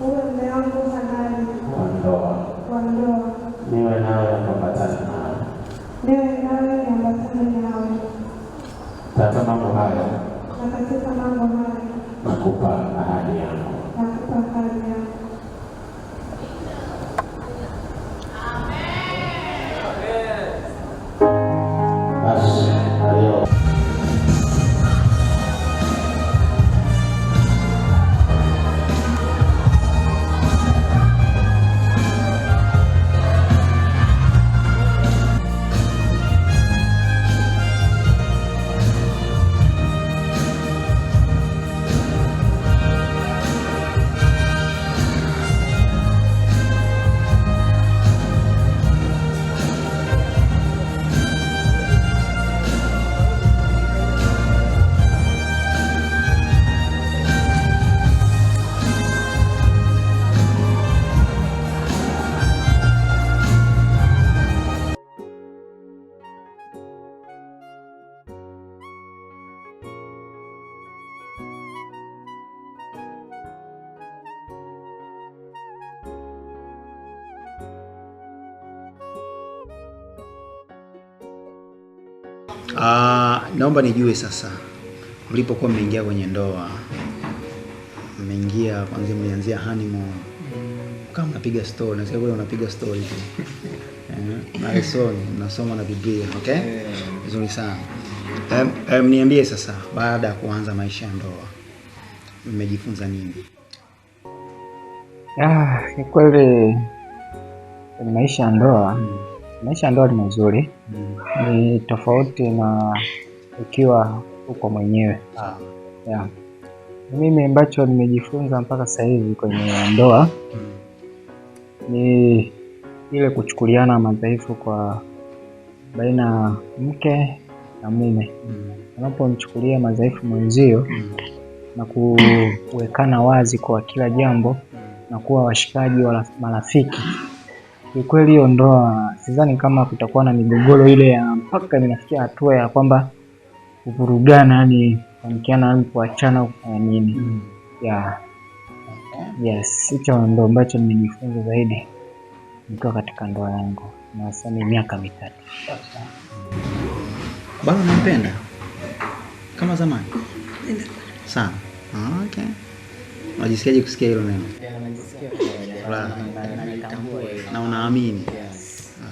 uwe mume wangu halali wa ndoa, wa ndoa, niwe nawe niambatane nawe, niwe nawe niambatane nawe. Katika mambo haya na katika mambo haya nakupa ahadi yangu, nakupa ahadi yangu Aa, ah, naomba nijue sasa mlipokuwa mmeingia kwenye ndoa, mmeingia kwanza, mlianzia honeymoon kama unapiga story, nasikia kule unapiga story tu eh, na lesoni mnasoma na Biblia, okay, vizuri sana. Um, um, niambie sasa, baada ya kuanza maisha ya ndoa mmejifunza nini? Ah, ni kweli maisha ya ndoa hmm. Maisha ndoa ni mazuri, ni tofauti na ukiwa uko mwenyewe yeah. Mimi ambacho nimejifunza mpaka sasa hivi kwenye ndoa ni ile kuchukuliana madhaifu kwa baina ya mke na mume, unapomchukulia madhaifu mwenzio na kuwekana wazi kwa kila jambo na kuwa washikaji wa marafiki Kiukweli hiyo ndoa sidhani kama kutakuwa na migogoro ile ya mpaka inafikia hatua ya kwamba kuvurugana, yani kuamkiana, yani kuachana kwa eh, nini mm. yeah. Yes, hicho ndo ambacho nimejifunza zaidi nikiwa katika ndoa yangu, na sasa miaka mitatu bado nampenda kama zamani sana. Ah, okay, najisikiaje kusikia hilo neno? na unaamini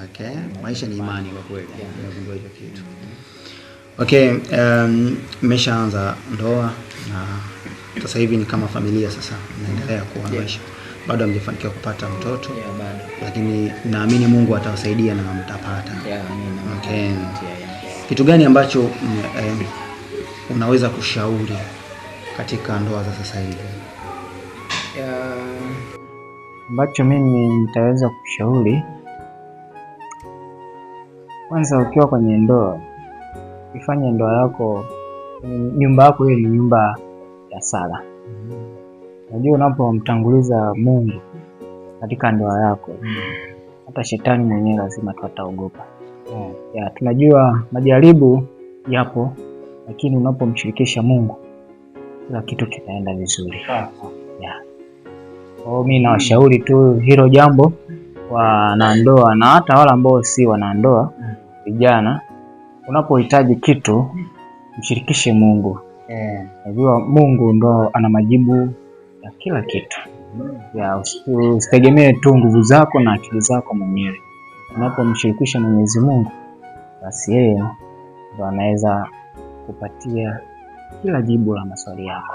okay. Maisha ni imani kwa kweli, nimegundua hicho kitu okay. Mmeshaanza um, ndoa na sasa hivi ni kama familia, sasa mnaendelea kuoanisha bado hamjafanikiwa kupata mtoto yeah, lakini naamini Mungu atawasaidia na mtapata yeah, okay. yeah, yeah. Kitu gani ambacho eh, unaweza kushauri katika ndoa za sasa hivi? ambacho mimi nitaweza kushauri, kwanza, ukiwa kwenye ndoa, ifanye ndoa yako, nyumba yako hiyo ni nyumba ya sala. Unajua, unapomtanguliza Mungu katika ndoa yako, hata shetani mwenyewe lazima tuataogopa ataogopa. tunajua majaribu yapo, lakini unapomshirikisha Mungu kila kitu kitaenda vizuri. Yeah. Kwa hiyo mimi nawashauri tu hilo jambo wanandoa na hata wale ambao si wanandoa, vijana, unapohitaji kitu mshirikishe Mungu. Najua Mungu ndo ana majibu ya kila kitu. Usitegemee tu nguvu zako na akili zako mwenyewe. Unapomshirikisha Mwenyezi Mungu, basi yeye ndo anaweza kupatia kila jibu la maswali yako.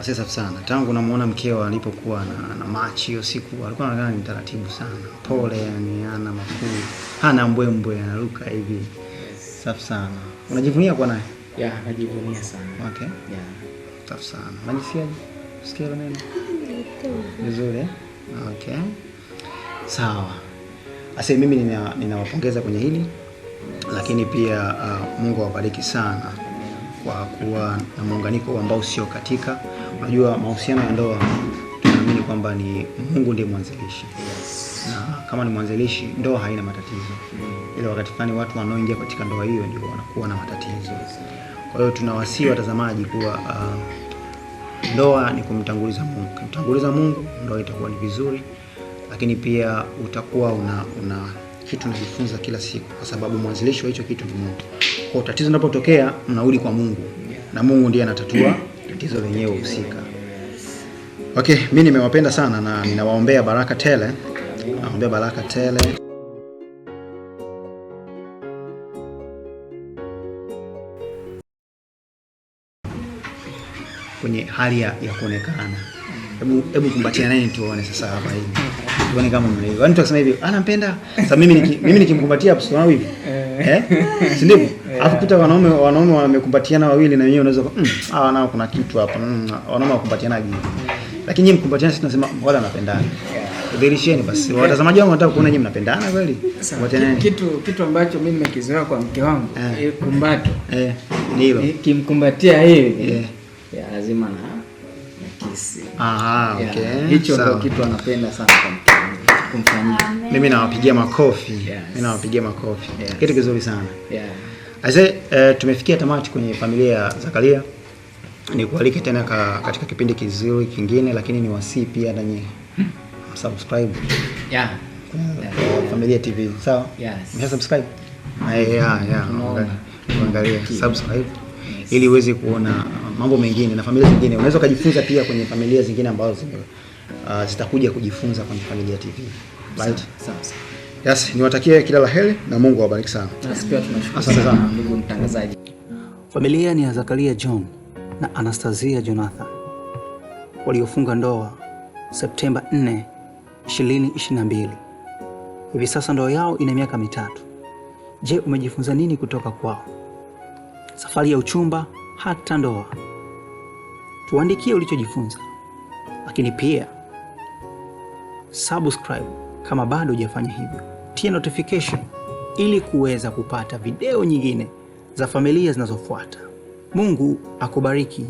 Asiye safi sana. Tangu namuona mkeo alipokuwa na, na machi hiyo siku alikuwa anakaa ni taratibu sana. Pole yani ana makuu. Hana mbwembwe anaruka hivi. Yes. Safi sana. Unajivunia kwa naye? Yeah, najivunia sana. Okay. Yeah. Safi sana. Unajisikiaje? Sikia neno. Vizuri eh? Okay. Sawa. Asiye mimi nina ninawapongeza kwenye hili lakini pia uh, Mungu awabariki sana kwa kuwa na muunganiko ambao sio katika Unajua mahusiano ya ndoa tunaamini kwamba ni Mungu ndiye mwanzilishi Na kama ni mwanzilishi, ndoa haina matatizo Ila wakati fulani watu wanaoingia katika ndoa hiyo ndio wanakuwa na matatizo. Kwa hiyo tunawasihi watazamaji kuwa uh, ndoa ni kumtanguliza Mungu. Kumtanguliza Mungu, ndoa itakuwa ni vizuri, lakini pia utakuwa una, una kitu unajifunza kila siku, kwa sababu mwanzilishi wa hicho kitu ni Mungu. Kwa tatizo linapotokea mnarudi kwa Mungu na Mungu ndiye anatatua tatizo lenyewe husika. Okay, mimi nimewapenda sana na ninawaombea baraka tele, naombea baraka tele. kwenye hali ya, ya kuonekana. Hebu hebu kumbatia nani tuone sasa hapa hivi. Tuone kama mlivyo. Yaani tukisema hivi, anampenda. Sasa mimi niki, mimi nikimkumbatia hapo siona hivi eh, si eh. kuta wanaume wanaume wamekumbatiana wawili, na wenyewe unaweza mm, hawa nao kuna kitu hapa mm, wanaume wakumbatiana gini mm. lakini nyinyi mkumbatiana, sisi tunasema wala napendana Udhirisheni basi watazamaji wangu wanataka kuona nyinyi mnapendana kweli. Kitu kitu ambacho mimi nimekizoea kwa mke wangu eh, kumbato eh, ndio kimkumbatia hivi eh, ya lazima na na kisi. Aha, okay, hicho ndio kitu anapenda sana kwa mke kumfanyia. Mimi nawapigia makofi. Yes. Mimi nawapigia makofi. Yes. Kitu kizuri sana. Yeah. Aise, uh, eh, tumefikia tamati kwenye familia ya Zakaria. Ni kualike tena ka, katika kipindi kizuri kingine lakini ni wasii pia na nyinyi. Hmm. Subscribe. Yeah. yeah. Familia TV, sawa? Yes. Mimi subscribe. Ah, yeah, yeah. Tuangalie okay. Subscribe yes. Ili uweze kuona mambo mengine na familia zingine, unaweza ukajifunza pia kwenye familia zingine ambazo zime uh, zitakuja kujifunza kwenye Familia TV. Right? Sawa sawa. Yes, niwatakie kila la heri na Mungu awabariki sana. Asante sana ndugu mtangazaji. Familia ni ya Zakaria John na Anastasia Jonathan waliofunga ndoa Septemba 4, 2022. Hivi sasa ndoa yao ina miaka mitatu. Je, umejifunza nini kutoka kwao? Safari ya uchumba hata ndoa. Tuandikie ulichojifunza, lakini pia subscribe kama bado hujafanya hivyo, tia notification ili kuweza kupata video nyingine za familia zinazofuata. Mungu akubariki.